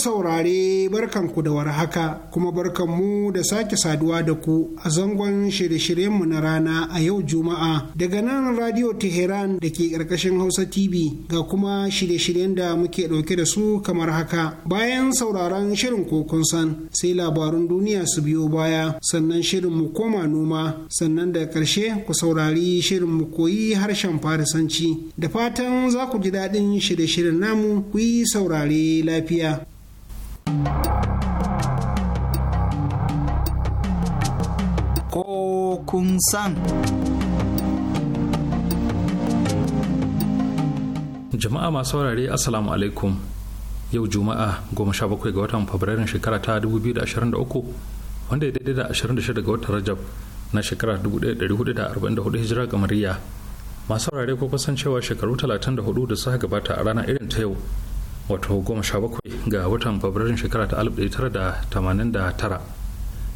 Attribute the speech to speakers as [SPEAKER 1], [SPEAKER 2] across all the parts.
[SPEAKER 1] saurare barkanku da warhaka kuma barkanmu da sake saduwa da ku a zangon shirye-shiryenmu na rana a yau Juma'a daga nan Radio Teheran da ke ƙarƙashin Hausa TV ga kuma shirye-shiryen da muke ɗauke da su kamar haka. Bayan sauraron shirin kokon san sai labarun duniya su biyo baya sannan shirin mu koma noma sannan da ƙarshe ku saurari shirin mu koyi harshen Farisanci da fatan za ku ji daɗin shirye-shiryen namu ku yi saurare lafiya. ko kun san.
[SPEAKER 2] Jama'a masu saurare Assalamu alaikum yau Juma'a 17 ga watan Fabrairun shekara ta 2023 wanda ya daidai da 26 ga watan Rajab na shekara 1444 hijira Mariya Masu saurare ko kusan cewa shekaru 34 da suka gabata a rana irin ta yau wato 17 ga watan Fabrairun shekara ta 1989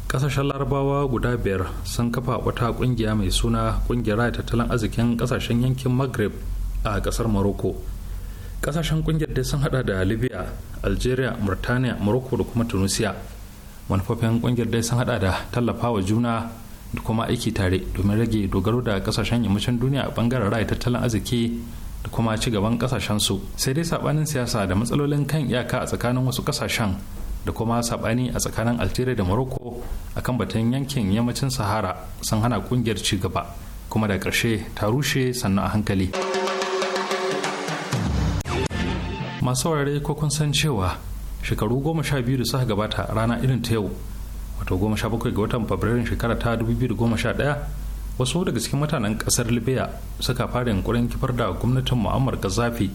[SPEAKER 2] kasashen larabawa guda biyar sun kafa wata kungiya mai suna kungiyar tattalin arzikin kasashen yankin maghreb a kasar morocco kasashen kungiyar dai sun hada da libya algeria murtaniya morocco da kuma tunisia manufofin kungiyar dai sun hada da tallafawa juna da kuma aiki tare domin rage dogaro da kasashen yammacin duniya a bangaren raya tattalin arziki da kuma ci gaban kasashen su sai dai sabanin siyasa da matsalolin kan iyaka a tsakanin wasu kasashen da kuma saɓani a tsakanin algeria da morocco akan batun yankin yammacin sahara sun hana kungiyar ci gaba kuma da ƙarshe ta rushe sannan a hankali masu saurare ko kun san cewa shekaru goma sha biyu da suka gabata rana irin ta yau wato goma sha bakwai ga watan fabrairun shekara ta dubu biyu da goma sha ɗaya wasu daga cikin mutanen ƙasar libya suka fara yankurin kifar da gwamnatin mu'ammar zafi.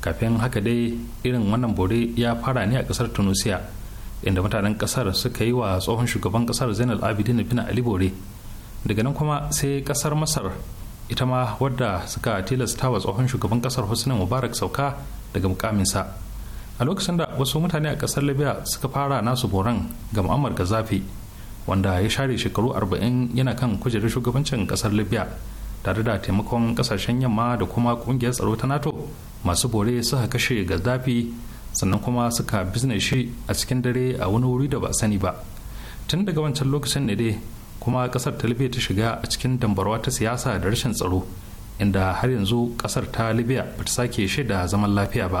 [SPEAKER 2] kafin haka dai irin wannan bore ya fara ne a kasar tunisia inda mutanen kasar suka yi wa tsohon shugaban kasar zainal abidin bin ali bore daga nan kuma sai kasar masar ita ma wadda suka tilasta wa tsohon shugaban kasar husni mubarak sauka daga mukaminsa a lokacin da wasu mutane a kasar libya suka fara nasu boran ga mu'ammar gazafi wanda ya share shekaru arba'in yana kan kujerar shugabancin kasar libya tare da taimakon kasashen yamma da kuma kungiyar tsaro ta nato masu bore suka kashe ga zafi sannan kuma suka bizne shi a cikin dare a wani wuri da ba sani ba tun daga wancan lokacin ne dai kuma kasar ta libya ta shiga a cikin dambarwa ta siyasa da rashin tsaro inda har yanzu kasar ta libya ba ta sake shaida zaman lafiya ba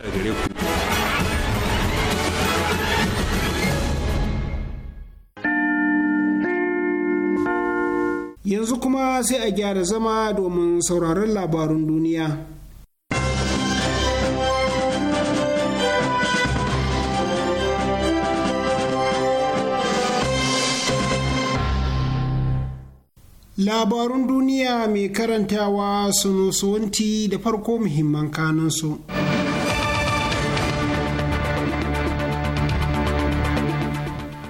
[SPEAKER 1] sai a gyara zama domin sauraron labarun duniya. Labarun duniya mai karantawa sunusuwanti da farko muhimman kanunsu.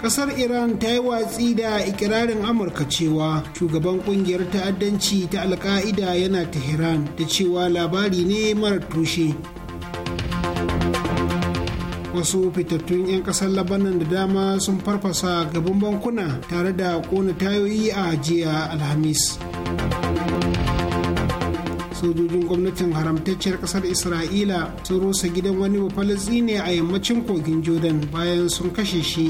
[SPEAKER 1] kasar iran ta yi watsi da ikirarin amurka cewa shugaban kungiyar ta'addanci ta alka'ida yana tehran da cewa labari ne mara tushe wasu fitattun 'yan kasar labanan da dama sun farfasa gaban bankuna tare da kona tayoyi a jiya alhamis sojojin gwamnatin haramtacciyar kasar isra'ila sun rusa gidan wani ne a yammacin kogin jordan bayan sun kashe shi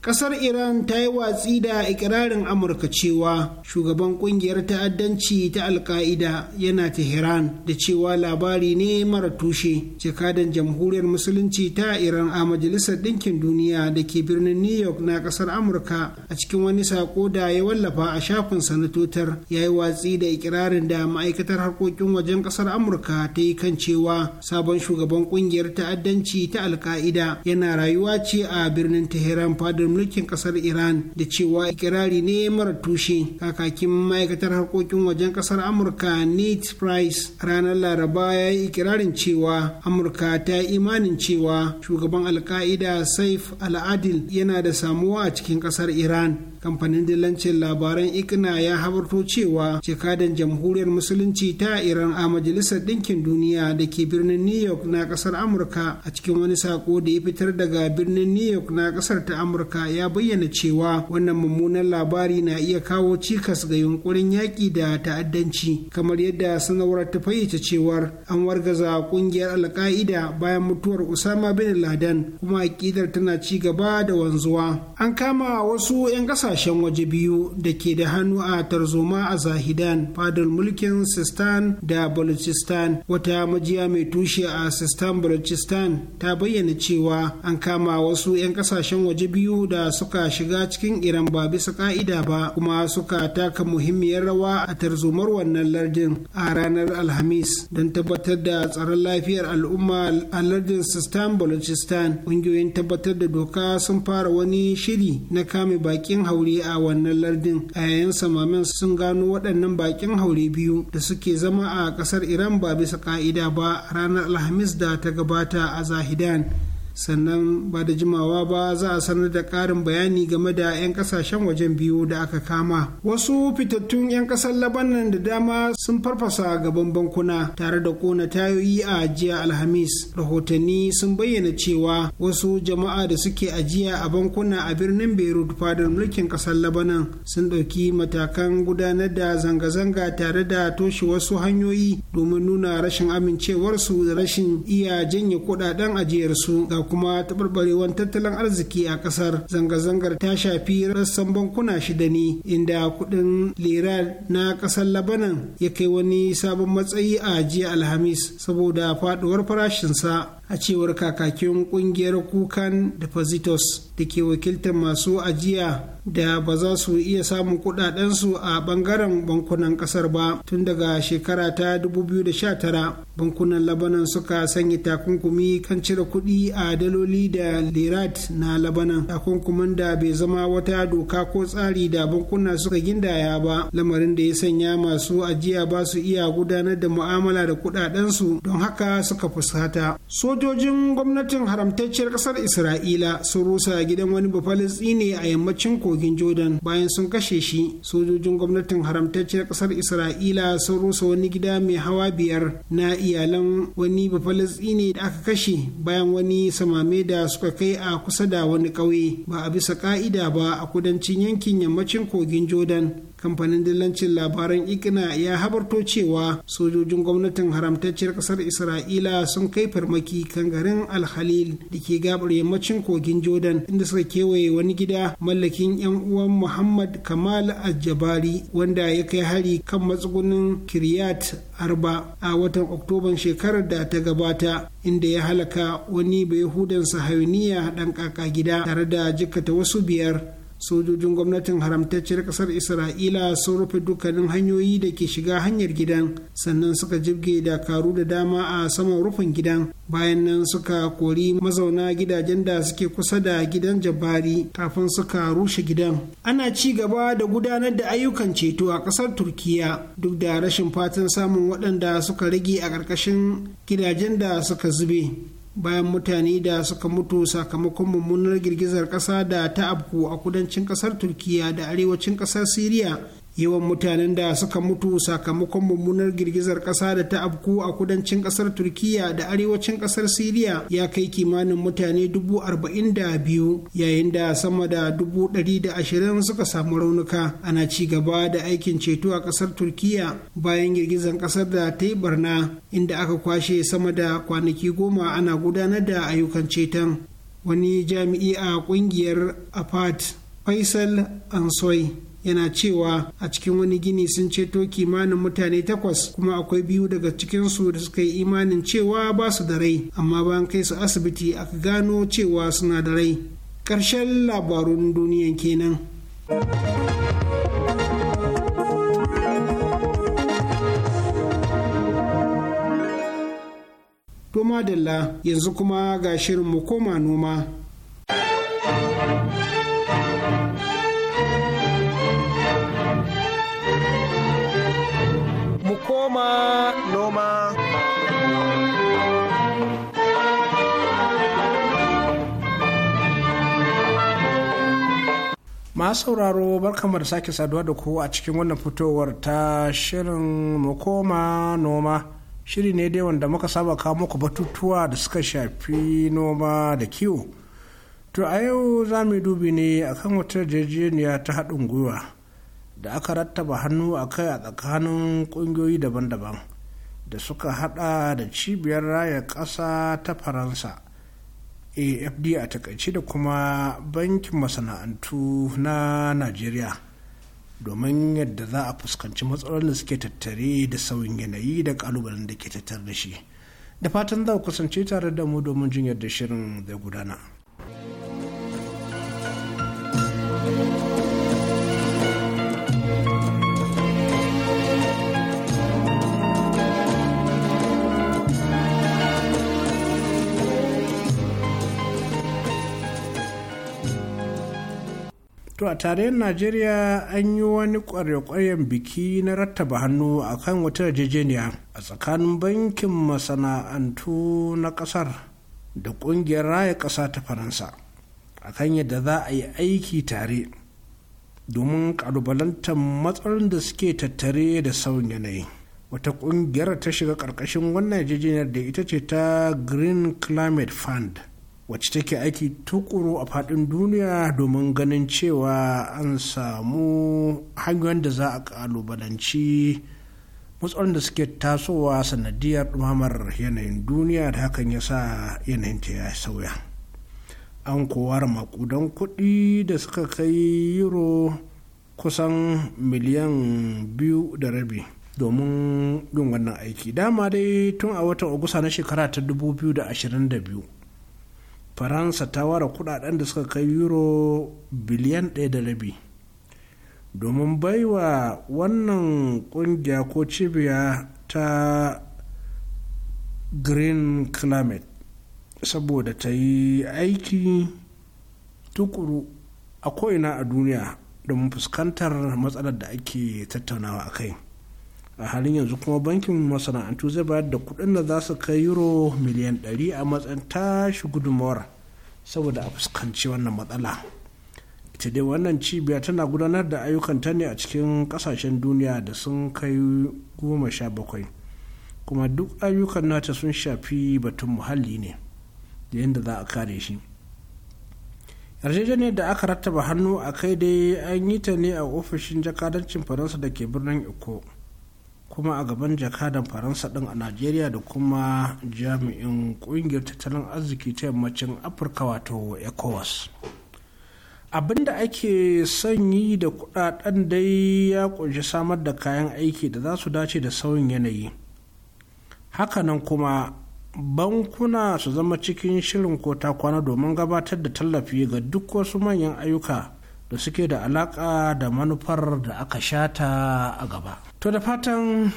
[SPEAKER 1] Ƙasar Iran ta yi watsi da ikirarin Amurka cewa shugaban ƙungiyar ta'addanci ta Alka'ida yana Tehran da cewa labari ne mara tushe. Jakadan Jamhuriyar Musulunci ta Iran a Majalisar Ɗinkin Duniya da ke birnin New York na ƙasar Amurka a cikin wani sako da ya wallafa a shafin sanatotar ya yi watsi da ikirarin da ma'aikatar harkokin wajen ƙasar Amurka ta yi kan cewa sabon shugaban ƙungiyar ta'addanci ta Alka'ida yana rayuwa ce a birnin Tehran fadar mulkin kasar iran da cewa ikirari ne mara tushe kakakin ma'aikatar harkokin wajen kasar amurka nate price ranar laraba ya yi ikirarin cewa amurka ta yi imanin cewa shugaban alka'ida saif al'adil yana da samuwa a cikin kasar iran kamfanin dillancin labaran ikna ya habarto cewa jakadan jamhuriyar musulunci ta iran a majalisar ɗinkin duniya da ke birnin new york na ƙasar amurka a cikin wani sako da ya fitar daga birnin new york na ƙasar ta amurka ya bayyana cewa wannan mummunan labari na iya kawo cikas ga yunkurin yaƙi da ta'addanci kamar yadda sanarwar ta fayyace cewar an wargaza ƙungiyar alka'ida bayan mutuwar usama bin laden kuma aƙidar tana ci gaba da wanzuwa an kama wasu 'yan ƙasa kasashen waje biyu da ke da hannu a tarzoma a zahidan fadar mulkin sistan da balochistan wata majiya mai tushe a sistan balochistan ta bayyana cewa an kama wasu 'yan kasashen waje biyu da suka shiga cikin iran ba bisa ka'ida ba kuma suka taka muhimmiyar rawa a tarzomar wannan lardin a ranar alhamis don tabbatar da tsaron lafiyar al'umma a lardin sistan balochistan ƙungiyoyin tabbatar da doka sun fara wani shiri na kame bakin hau hauri a wannan lardin a yayin samamin sun gano waɗannan bakin haure biyu da suke zama a ƙasar iran ba bisa ka'ida ba ranar alhamis da ta gabata a zahidan sannan ba da jimawa ba za a sanar da ƙarin bayani game da 'yan kasashen wajen biyu da aka kama wasu fitattun 'yan ƙasar labanan da dama sun farfasa gaban bankuna tare da kona tayoyi a jiya alhamis rahotanni sun bayyana cewa wasu jama'a da suke ajiya a bankuna a birnin beirut fadar mulkin ƙasar labanan sun ɗauki matakan gudanar da zanga-zanga tare da toshe wasu hanyoyi domin nuna rashin amincewarsu da rashin iya janye kuɗaɗen ajiyarsu ga kuma taɓarɓarewar tattalin arziki a ƙasar zanga-zangar ta shafi rassan bankuna shida ne inda kuɗin lira na ƙasar labanan ya kai wani sabon matsayi a jiya alhamis saboda faɗuwar farashinsa a cewar kakakin kungiyar kukan depositors da ke wakiltar masu ajiya da ba za su iya samun kudadensu a bangaren bankunan kasar ba tun daga shekara ta 2019 bankunan labanan suka sanya takunkumi kan cire kuɗi a daloli da lirat na labanan takunkumin da bai zama wata doka ko tsari da bankuna suka gindaya ba lamarin da ya sanya masu ajiya ba su iya gudanar da mu'amala da kudadensu don haka suka fusata sojojin gwamnatin haramtacciyar kasar isra'ila sun rusa gidan wani bafalistini a yammacin kogin jordan bayan sun kashe shi sojojin gwamnatin haramtacciyar kasar isra'ila sun rusa wani gida mai hawa biyar na iyalan wani bafalistini da aka kashe bayan wani samame da suka kai a kusa da wani ƙauye ba a bisa ka'ida ba a kudancin yankin yammacin kogin jordan kamfanin dillancin labaran ikina ya habarto cewa sojojin gwamnatin haramtacciyar kasar isra'ila sun kai farmaki kan garin alhalil da ke gabar yammacin kogin jordan inda suka kewaye wani gida mallakin yan uwan muhammad kamal aljabari wanda ya kai hari kan matsugunin kiryat arba a watan oktoban shekarar da ta gabata inda ya halaka wani bai hudansa hauniya dan kaka gida tare da jikkata wasu biyar sojojin gwamnatin haramtacciyar kasar isra'ila sun rufe dukkanin hanyoyi da ke shiga hanyar gidan sannan suka jibge dakaru da dama a saman rufin gidan bayan nan suka kori mazauna gidajen da suke kusa da gidan jabari kafin suka rushe gidan ana ci gaba da gudanar da ayyukan ceto a kasar turkiya duk da rashin fatan samun waɗanda suka rage a ƙarƙashin gidajen da suka zube bayan mutane da suka mutu sakamakon mummunar girgizar ƙasa da ta abku a kudancin kasar turkiya da arewacin kasar siriya yawan mutanen da suka mutu sakamakon mummunar girgizar ƙasa da ta afku a kudancin ƙasar turkiya da arewacin ƙasar siriya ya kai kimanin mutane dubu arba'in da biyu yayin da sama da dubu ɗari da ashirin suka samu raunuka ana ci gaba da aikin ceto a ƙasar turkiya bayan girgizar ƙasar da ta yi barna inda aka kwashe sama da kwanaki goma ana gudanar da ayyukan ceton wani jami'i a ƙungiyar apat faisal ansoi yana cewa a cikin wani gini sun ceto kimanin mutane takwas kuma akwai biyu daga cikinsu da suka yi imanin cewa ba su da rai amma bayan kai su asibiti aka gano cewa suna da rai karshen labarun duniyan kenan. To Dalla yanzu kuma ga shirin mu koma noma.
[SPEAKER 3] noma
[SPEAKER 4] masu sauraro barkanmu da sake saduwa da ku a cikin wannan fitowar ta shirin koma noma shiri ne dai wanda muka saba kawo muku batutuwa da suka shafi noma da kiwo to a yau za mu dubi ne akan wata yarjejeniya ta haɗin gwiwa da aka rattaba hannu a kai a tsakanin ƙungiyoyi daban-daban da suka hada da cibiyar raya ƙasa ta faransa afd a takaice da kuma bankin masana'antu na najeriya domin yadda za a fuskanci matsalolin da suke tattare da sauyin yanayi da kalubalen da ke tattare da shi da fatan za ku kusance tare da mu domin jin yadda shirin zai gudana. to a tarayyar najeriya an yi wani kwarya biki na rattaba hannu a kan wata yarjejeniya a tsakanin bankin masana'antu na ƙasar da ƙungiyar raya ƙasa ta faransa a kan yadda za a yi aiki tare domin kalubalantar matsalolin da suke tattare da sauyin yanayi wata ƙungiyar ta shiga ƙarƙashin wannan yarjejeniyar da ita ce ta green climate fund wacce take aiki tukuru a fadin duniya domin ganin cewa an samu hanyoyin da za a ƙalubalanci matsalolin da suke tasowa sanadiyar ɗumamar yanayin duniya da hakan ya sa yanayin ta ya sauya an kowar makudan kuɗi da suka kai euro kusan miliyan biyu da rabi domin yin wannan aiki dama dai tun a watan agusta na shekara ta 2022 faransa ta ware kudaden da suka kai euro biliyan ɗaya da rabi domin baiwa wannan kungiya ko cibiya ta green climate saboda ta yi aiki tukuru a ko'ina a duniya domin fuskantar matsalar da ake tattaunawa a kai a halin yanzu kuma bankin masana'antu zai bayar da kuɗin da za su kai euro miliyan 100 a matsayin tashi gudunmawar saboda a fuskanci wannan matsala ita dai wannan cibiya tana gudanar da ayyukan ta ne a cikin kasashen duniya da sun kai goma sha bakwai kuma duk ayyukan nata sun shafi batun muhalli ne da yadda za a kare shi yarjejeniyar da aka rattaba hannu a kai dai an yi ta ne a ofishin jakadancin faransa da ke birnin eko kuma a gaban jakadan faransa din a najeriya da kuma jami'in kungiyar tattalin arziki ta yammacin afirka wato ecowas abinda ake sanyi da kudaden dai ya kunshi samar da kayan aiki da za su dace da sauyin yanayi hakanan kuma bankuna su zama cikin shirin ko kwana domin gabatar da tallafi ga duk wasu manyan ayyuka da suke da alaƙa da manufar da aka shata a gaba. To da fatan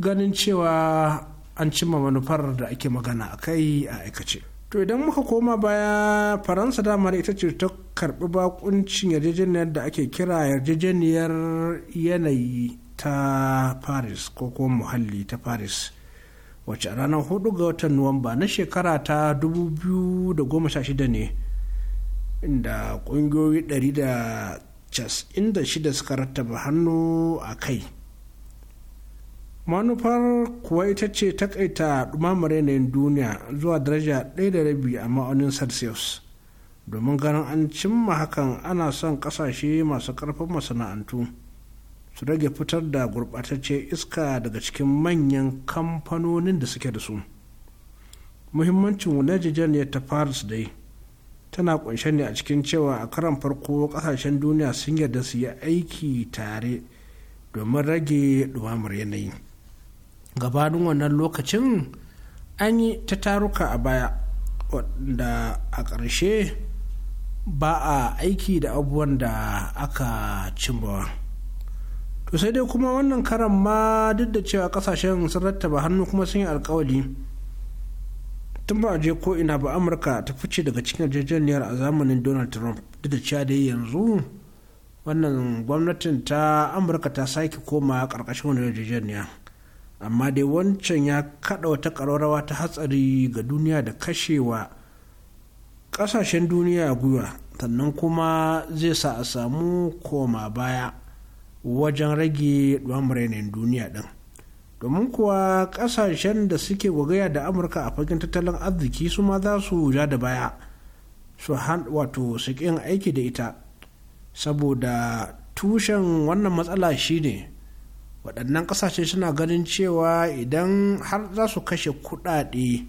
[SPEAKER 4] ganin cewa an cimma manufar da ake magana a kai a aikace. To idan muka koma baya Faransa mara ita ce ta karɓi bakuncin yarjejeniyar da ake kira yarjejeniyar yanayi ta Paris ko kuma muhalli ta Paris. wacce a ranar 4 ga watan Nuwamba na shekara ta 2016 ne. inda ƙungiyoyi 196 suka rattaba hannu a kai manufar kuwa ita ce takaita ɗumamar yanayin duniya zuwa daraja 1.5 a ma'aunin celsius domin ganin an cimma hakan ana son ƙasashe masu ƙarfin masana'antu su rage fitar da gurɓatacce iska daga cikin manyan kamfanonin da suke da su muhimmancin ya ta paris dai tana kunshe ne a cikin cewa a karan farko kasashen duniya sun yarda su yi aiki tare domin rage ɗumamar yanayi gabanin wannan lokacin an yi ta taruka a baya wanda a ƙarshe ba a aiki da abubuwan da aka cimbawa to sai dai kuma wannan karan ma duk da cewa kasashen sun rattaba hannu kuma sun yi alkawali tun ba je ko ina ba amurka ta fice daga cikin yarjejeniyar a zamanin donald trump duk da cewa dai yanzu wannan gwamnatin ta amurka ta sake koma karkashin wani yarjejeniya amma dai wancan ya kada wata ƙararrawa ta hatsari ga duniya da kashewa ƙasashen duniya gwiwa sannan kuma zai sa a samu koma baya wajen rage yanayin duniya ɗin domin kuwa kasashen da suke gwagaya da amurka a fagen tattalin arziki su ma za su ja da baya su wato su aiki da ita saboda tushen wannan matsala shine waɗannan kasashe suna ganin cewa idan har za su kashe kuɗaɗe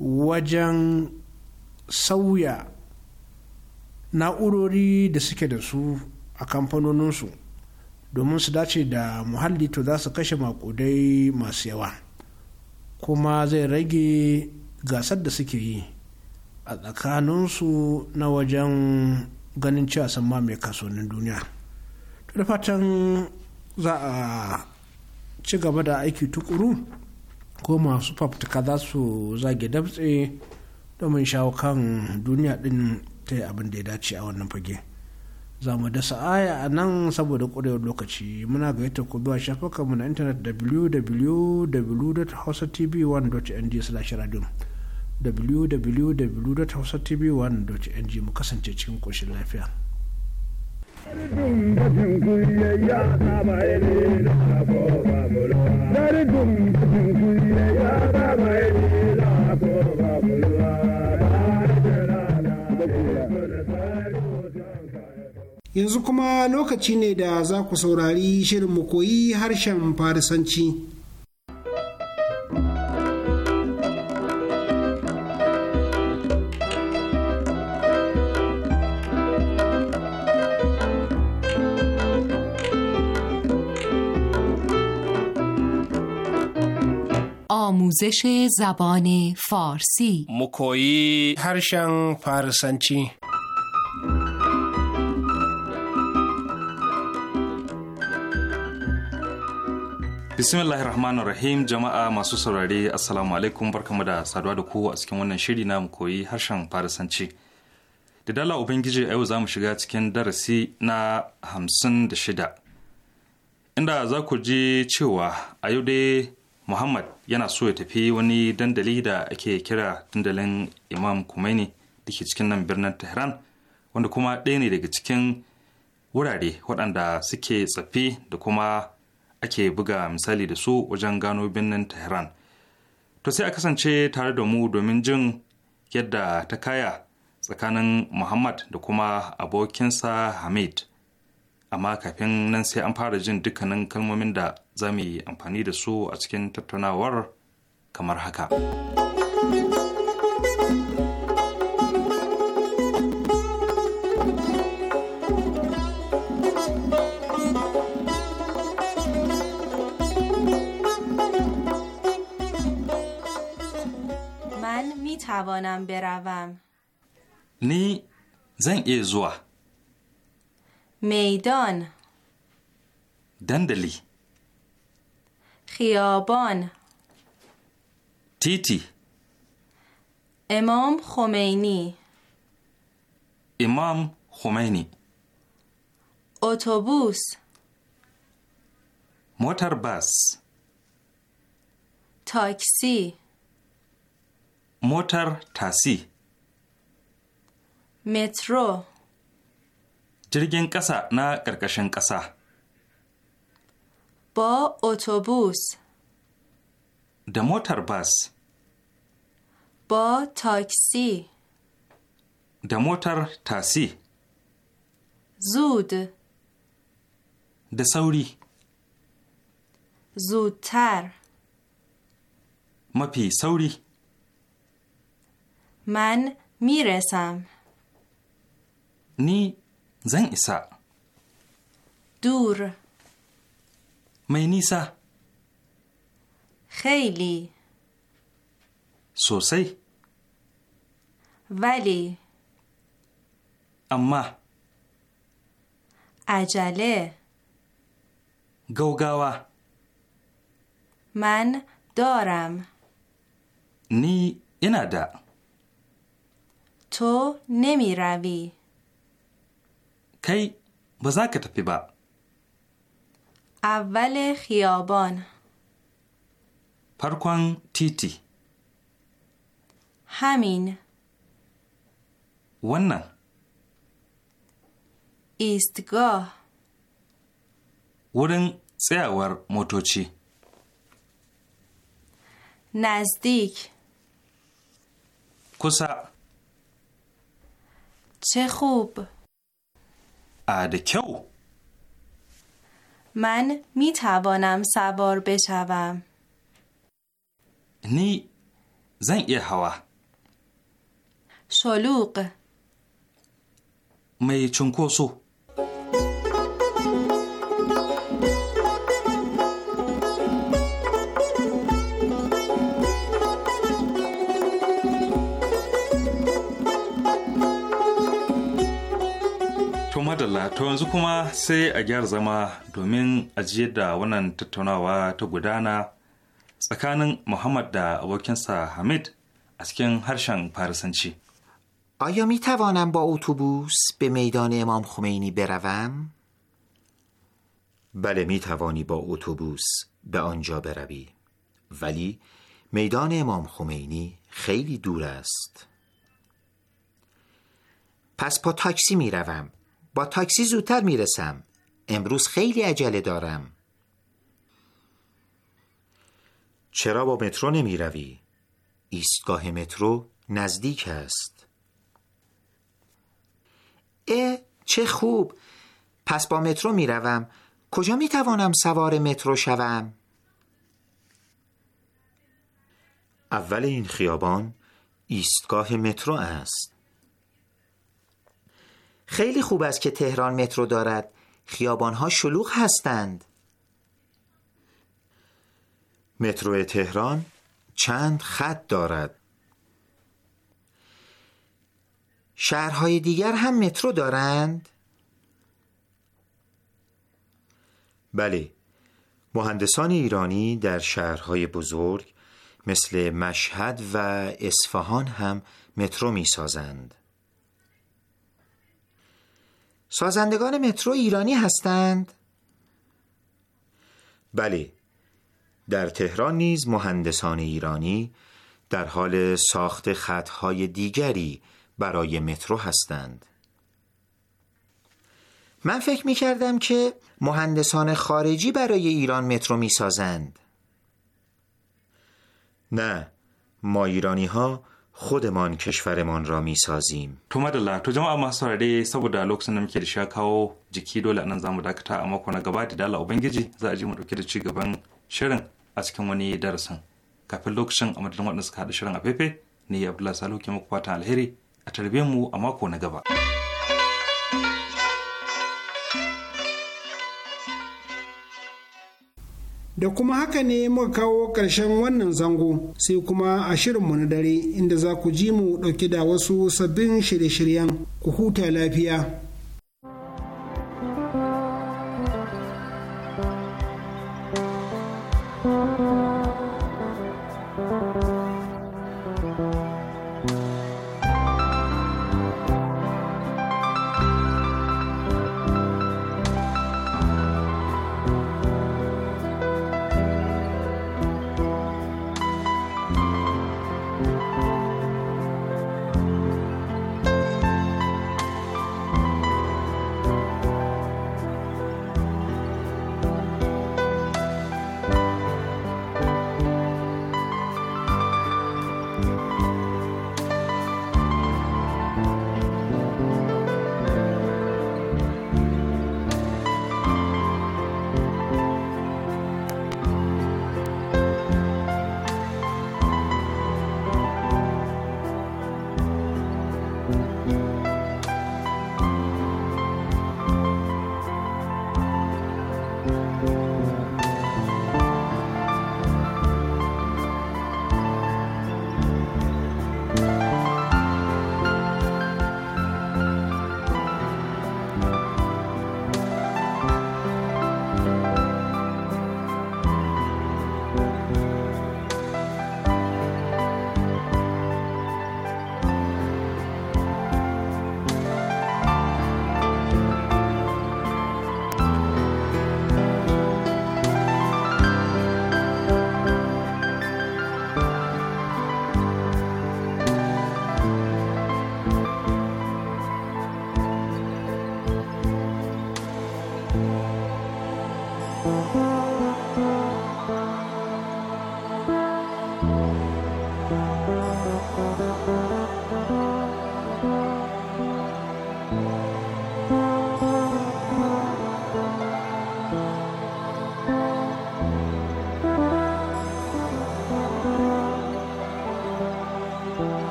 [SPEAKER 4] wajen sauya na'urori da suke da su a kamfanoninsu domin su dace da muhalli to za su kashe makudai masu yawa kuma zai rage gasar da suke yi a tsakaninsu na wajen ganin cewa ma mai kasuwannin duniya da fatan za a ci gaba da aiki tukuru ko masu fafutuka za su zage dabtse domin shawo kan duniya din ta yi abin da ya dace a wannan fage. za mu dasa aya a nan saboda ƙwarewar lokaci muna gayyata ku zuwa mu na intanet www.hausatv1.ng slash radio www.hausatv1.ng mu kasance cikin ƙoshin lafiya. Dari dum dum
[SPEAKER 3] kuyayya ba mai
[SPEAKER 1] yanzu kuma lokaci ne da za ku saurari shirin mu koyi harshen farisanci.
[SPEAKER 5] آموزش زبان فارسی
[SPEAKER 4] مکویی هرشن فارسنچی
[SPEAKER 2] rahim jama'a masu saurare assalamu alaikum barkamu da saduwa da ku a cikin wannan shiri na mu koyi harshen farisanci. Da dala Ubangiji a yau za mu shiga cikin darasi na hamsin da shida. Inda za ku ji cewa a yau dai Muhammad yana so ya tafi wani dandali da ake kira dandalin Imam kumaini da ke cikin nan birnin Tehran wanda kuma ɗaya ne daga cikin wurare waɗanda suke tsafi da kuma ake buga misali da su wajen gano birnin Tehran. To sai a kasance tare da mu domin jin yadda ta kaya tsakanin Muhammad da kuma abokinsa Hamid. Amma kafin nan sai an fara jin dukkanin kalmomin da za mu yi amfani da su a cikin tattaunawar kamar haka.
[SPEAKER 5] توانم بروم
[SPEAKER 2] نی زن ایزوا
[SPEAKER 5] میدان دندلی خیابان تیتی امام خمینی
[SPEAKER 2] امام خمینی
[SPEAKER 5] اتوبوس
[SPEAKER 2] موتر بس
[SPEAKER 5] تاکسی
[SPEAKER 2] Motar tasi.
[SPEAKER 5] Metro.
[SPEAKER 2] jirgin ƙasa na ƙarƙashin ƙasa.
[SPEAKER 5] Ba otobus.
[SPEAKER 2] Da motar bas.
[SPEAKER 5] Ba taksi.
[SPEAKER 2] Da motar tasi.
[SPEAKER 5] Zud.
[SPEAKER 2] Da sauri.
[SPEAKER 5] Zutar.
[SPEAKER 2] Mafi sauri.
[SPEAKER 5] من میرسم
[SPEAKER 2] نی زن ایسا دور می نیسا
[SPEAKER 5] خیلی سوسی ولی اما عجله گوگاوا من دارم
[SPEAKER 2] نی اینا
[SPEAKER 5] تو نمی روی
[SPEAKER 2] کی بزاک تپی با
[SPEAKER 5] اول خیابان
[SPEAKER 2] پرکوان تیتی
[SPEAKER 5] همین ونن ایستگاه
[SPEAKER 2] ورن سیاور موتوچی
[SPEAKER 5] نزدیک کسا چه خوب
[SPEAKER 2] ادکو
[SPEAKER 5] من می توانم سوار بشوم
[SPEAKER 2] نی زن یه هوا
[SPEAKER 5] شلوغ
[SPEAKER 2] می چونکوسو Allah to yanzu kuma sai a gyar zama domin ajiyar da wannan tattaunawa ta gudana tsakanin Muhammad da abokinsa Hamid a cikin harshen
[SPEAKER 6] Farisanci. آیا می توانم با اتوبوس به میدان امام خمینی بروم؟ بله می توانی با اتوبوس به آنجا بروی ولی میدان امام خمینی خیلی دور است پس با تاکسی می روم با تاکسی زودتر میرسم امروز خیلی عجله دارم چرا با مترو نمی روی؟ ایستگاه مترو نزدیک است اه چه خوب پس با مترو می کجا می توانم سوار مترو شوم؟ اول این خیابان ایستگاه مترو است خیلی خوب است که تهران مترو دارد خیابانها شلوغ هستند مترو تهران چند خط دارد شهرهای دیگر هم مترو دارند؟ بله مهندسان ایرانی در شهرهای بزرگ مثل مشهد و اصفهان هم مترو می سازند. سازندگان مترو ایرانی هستند؟ بله در تهران نیز مهندسان ایرانی در حال ساخت خطهای دیگری برای مترو هستند من فکر می کردم که مهندسان خارجی برای ایران مترو می سازند نه ما ایرانی ها خودمان کشورمان را می سازیم. تو مدلا تو جماعه ما سراره saboda lokacin da muke da sha kawo
[SPEAKER 2] jiki dole a nan zamu dakata a mako na gaba da dala ubangiji za a ji mu dauke da ci gaban shirin a cikin wani darasin. Kafin lokacin a madadin waɗanda suka haɗa shirin a fefe ne Abdullahi Salihu ke muku fatan alheri a tarbiyyar mu a mako na gaba.
[SPEAKER 1] da kuma haka ne muka kawo ƙarshen wannan zango sai kuma a shirinmu na dare inda za ku ji mu ɗauke da wasu sabbin shirye-shiryen ku huta lafiya.